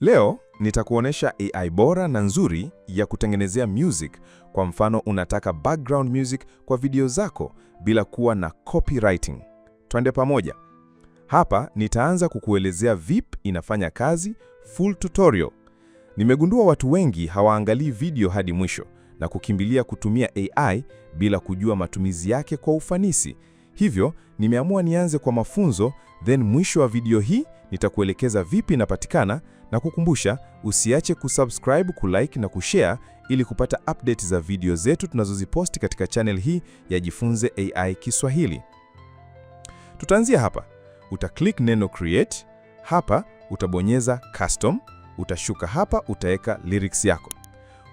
Leo nitakuonesha AI bora na nzuri ya kutengenezea music. Kwa mfano, unataka background music kwa video zako bila kuwa na copywriting. Twende pamoja. Hapa nitaanza kukuelezea VIP inafanya kazi, full tutorial. Nimegundua watu wengi hawaangalii video hadi mwisho na kukimbilia kutumia AI bila kujua matumizi yake kwa ufanisi. Hivyo, nimeamua nianze kwa mafunzo then mwisho wa video hii nitakuelekeza vipi inapatikana na kukumbusha usiache kusubscribe, kulike na kushare ili kupata update za video zetu tunazoziposti katika channel hii ya Jifunze AI Kiswahili. Tutaanzia hapa. Utaclick neno create, hapa utabonyeza custom, utashuka hapa utaweka lyrics yako.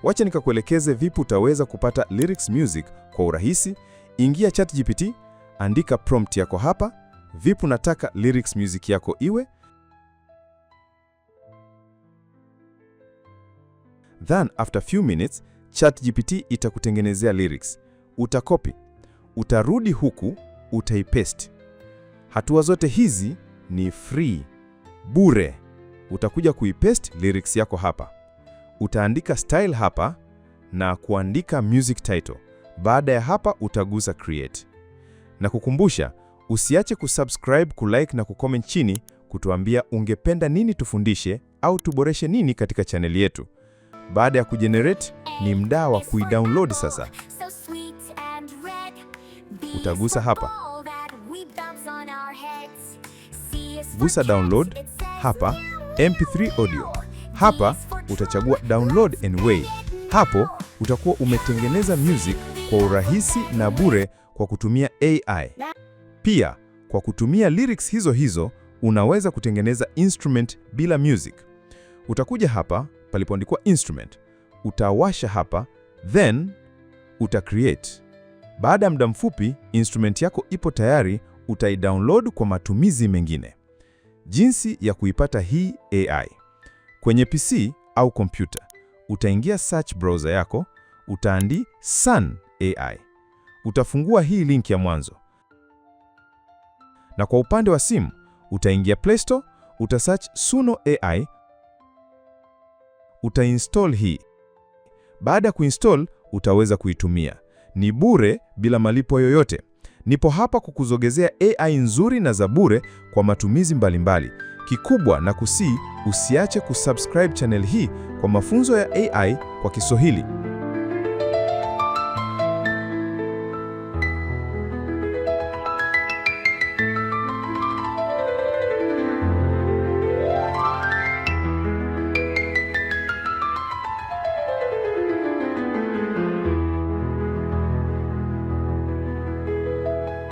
Wacha nikakuelekeze vipi utaweza kupata lyrics music kwa urahisi. Ingia ChatGPT, andika prompt yako hapa, vipi unataka lyrics music yako iwe Then after few minutes ChatGPT itakutengenezea lyrics. Utakopi, utarudi huku, utaipaste. Hatua zote hizi ni free, bure. Utakuja kuipaste lyrics yako hapa, utaandika style hapa na kuandika music title. Baada ya hapa utagusa create. Na kukumbusha, usiache kusubscribe, kulike na kucomment chini kutuambia ungependa nini tufundishe au tuboreshe nini katika chaneli yetu. Baada ya kujenerate, ni mda wa kuidownload sasa. Utagusa hapa, gusa download hapa, mp3 audio hapa, utachagua download anyway. Hapo utakuwa umetengeneza music kwa urahisi na bure kwa kutumia AI. Pia kwa kutumia lyrics hizo hizo unaweza kutengeneza instrument bila music. Utakuja hapa palipoandikwa instrument. Utawasha hapa, then uta create. Baada ya muda mfupi, instrument yako ipo tayari, utaidownload kwa matumizi mengine. Jinsi ya kuipata hii AI kwenye PC au kompyuta, utaingia search browser yako, utaandi Sun AI, utafungua hii link ya mwanzo, na kwa upande wa simu utaingia Play Store, utasearch Suno AI utainstall hii. Baada ya kuinstall utaweza kuitumia. Ni bure bila malipo yoyote. Nipo hapa kukuzogezea AI nzuri na za bure kwa matumizi mbalimbali mbali. Kikubwa na kusii usiache kusubscribe channel hii kwa mafunzo ya AI kwa Kiswahili.